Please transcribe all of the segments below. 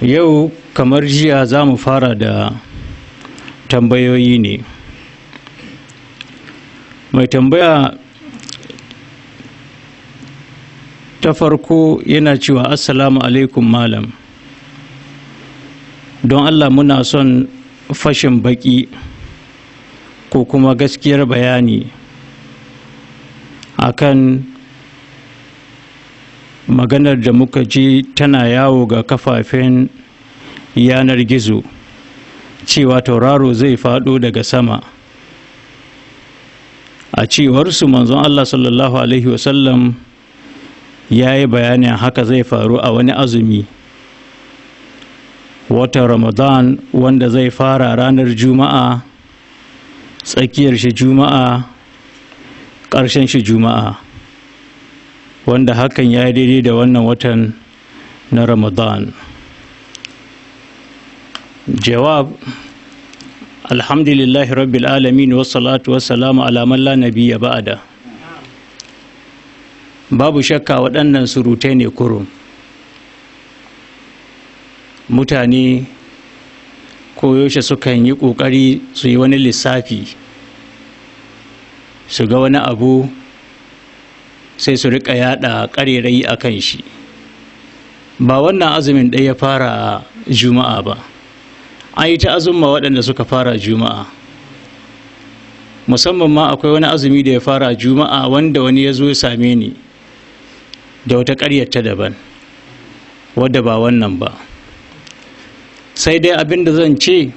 yau kamar jiya za mu fara da tambayoyi ne mai tambaya ta farko yana cewa assalamu alaikum malam don allah muna son fashin baki ko kuma gaskiyar bayani akan maganar da muka ji tana yawo ga kafafen yanar gizo cewa tauraro zai faɗo daga sama a cewarsu manzon Allah sallallahu Alaihi wasallam ya yi bayanin haka zai faru a wani azumi watan ramadan wanda zai fara ranar juma'a tsakiyar shi juma'a ƙarshen shi juma'a wanda hakan ya yi daidai da wannan watan na ramadan jawab alhamdulillahi rabbil alamin wassalatu wassalamu ala man la ya ba'ada. babu shakka waɗannan surutai ne kurum mutane ko yaushe sukan yi ƙoƙari su yi wani lissafi su ga wani abu sai su rika yaɗa karerai a kan shi ba wannan azumin ɗaya ya fara juma'a ba an yi ta azumma waɗanda suka fara juma'a musamman ma akwai wani azumi da ya fara juma'a wanda wani ya zo ya same ni da wata ƙaryarta daban wadda ba wannan ba sai dai abin da zan ce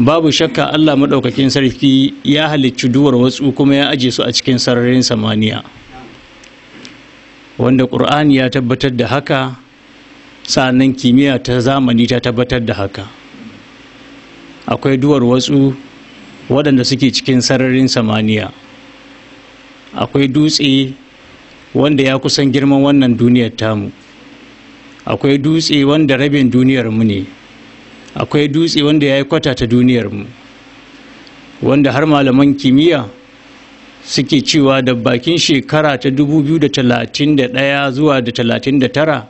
babu shakka Allah maɗaukakin sarki ya halicci duwar watsu kuma ya aje su a cikin sararin samaniya wanda ƙur'ani ya tabbatar da haka sa'annan kimiyya ta zamani ta tabbatar da haka akwai duwar watsu waɗanda suke cikin sararin samaniya akwai dutse wanda ya kusan girman wannan duniyar tamu akwai dutse wanda rabin duniyar mu ne akwai dutse wanda ya yi kwata ta duniyar mu wanda har malaman kimiyya suke cewa da bakin shekara ta 2031 zuwa da 39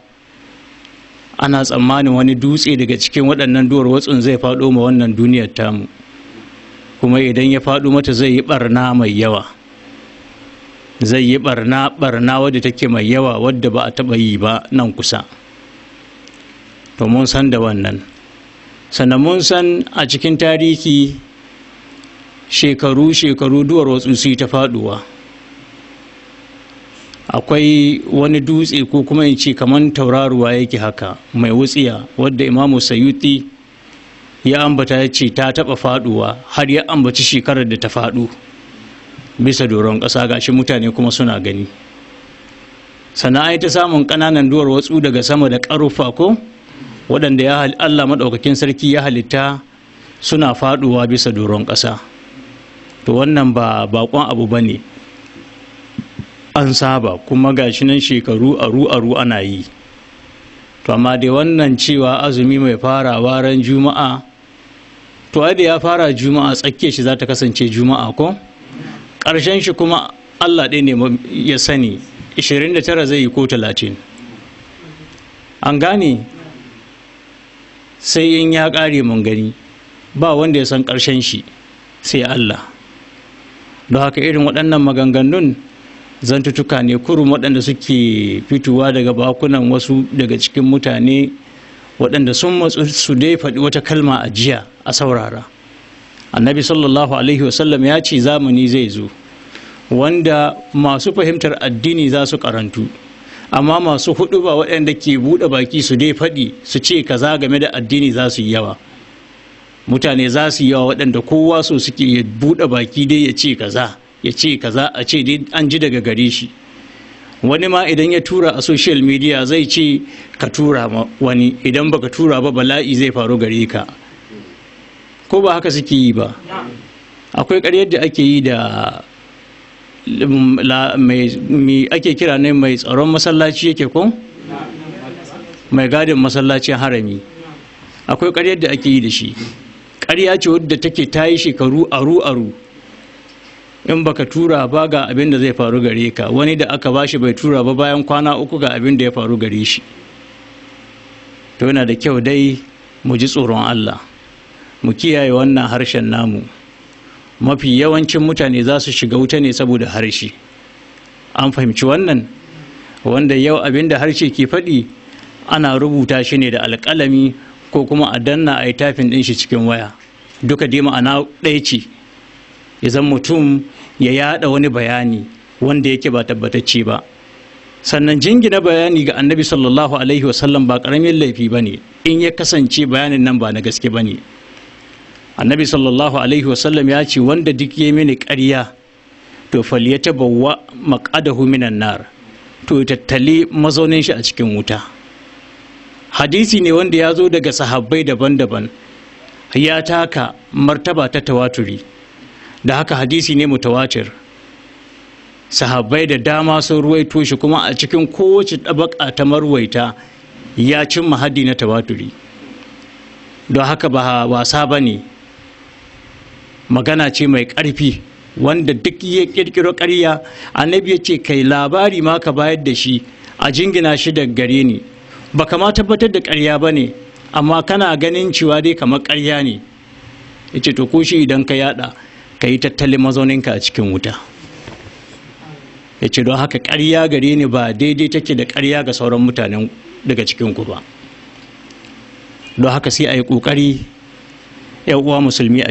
ana tsammanin wani dutse daga cikin waɗannan duwar watsun zai faɗo ma wannan duniyar tamu kuma idan ya faɗo mata zai yi ɓarna mai yawa zai yi ɓarna ɓarna wadda take mai yawa wadda ba a taɓa yi ba nan kusa to mun san da wannan sannan mun san a cikin tarihi shekaru shekaru duwar watsu su yi ta faduwa akwai wani dutse ko kuma in ce kamar tauraruwa yake haka mai wutsiya wadda imamu sayuti ya ambata ya ce ta taba faduwa har ya ambaci shekarar da ta fadu bisa doron ƙasa gashi mutane kuma suna gani sana'a ta samun ƙananan duwar watsu daga sama da ƙaruffa ko waɗanda ya Allah maɗaukakin sarki ya halitta suna faduwa bisa doron ƙasa to wannan ba bakon abu ba ne an saba kuma ga shi nan shekaru aru aru ana yi to amma dai wannan cewa azumi mai fara waran juma'a to da ya fara juma'a tsakiyar shi za ta kasance juma'a ko ƙarshen shi kuma allah ɗaya ne ya sani 29 zai yi ko 30 an gane sai in ya kare mun gani ba wanda ya san ƙarshen shi sai allah don haka irin waɗannan maganganun zantutuka ne kurum waɗanda suke fitowa daga bakunan wasu daga cikin mutane waɗanda sun matsu su dai faɗi wata kalma a jiya a saurara annabi sallallahu alaihi wasallam ya ce zamani zai zo wanda masu fahimtar addini za su karantu amma masu hudu ba waɗanda ke buɗe baki su dai faɗi su ce kaza game da addini za su yi yawa mutane za su yi wa waɗanda kowa so suke ya buɗe baki dai ya ce kaza ya ce kaza a ce dai an ji daga gare shi wani ma idan ya tura a social media zai ce ka tura wani idan baka tura ba bala'i zai faru gare ka ko ba haka suke yi ba akwai ƙaryar da ake yi da mai ake kira ne mai tsaron masallaci yake kun mai gadin masallacin harami akwai ƙaryar da ake yi da shi ƙarya ce wadda take ta yi shekaru aru aru in baka tura ba ga abin da zai faru gare ka wani da aka bashi bai tura ba bayan kwana uku ga abin da ya faru gare shi to yana da kyau dai mu ji tsoron Allah mu kiyaye wannan harshen namu mafi yawancin mutane za su shiga wuta ne saboda harshe an fahimci wannan wanda yau abin da harshe ke faɗi ana rubuta shi ne da alƙalami ko kuma a danna a yi tafin ɗin shi cikin waya duka dai ma'ana ɗaya ce ya mutum ya yada wani bayani wanda yake ba tabbatacce ba sannan jingina bayani ga annabi sallallahu alaihi wasallam ba karamin laifi ba ne in ya kasance bayanin nan ba na gaske ba ne annabi sallallahu alaihi wasallam ya ce wanda duk ya mini ƙarya to falyata bawa maƙadahu minan nar to tattali mazaunin shi a cikin wuta hadisi ne wanda ya zo daga sahabbai daban-daban ya taka martaba ta tawaturi da haka hadisi ne mutawatir sahabbai da dama sun ruwaito shi kuma a cikin kowace ɗabaƙa ta marwaita ya cimma mahadi na tawaturi don haka ba wasa ba ne magana ce mai ƙarfi wanda duk ya ƙirƙiro ƙarya annabi ya ce kai labari ma ka bayar da shi a jingina shi daga gare ni ba ma tabbatar da ƙarya ba ne amma kana ganin cewa dai kamar ƙarya ne ya ce to ko shi idan ka yada ka yi tattalin mazauninka a cikin wuta ya ce don haka ƙarya gare ni ba daidai take da ƙarya ga sauran mutanen daga cikin ku ba don haka sai a yi ƙoƙari uwa musulmi a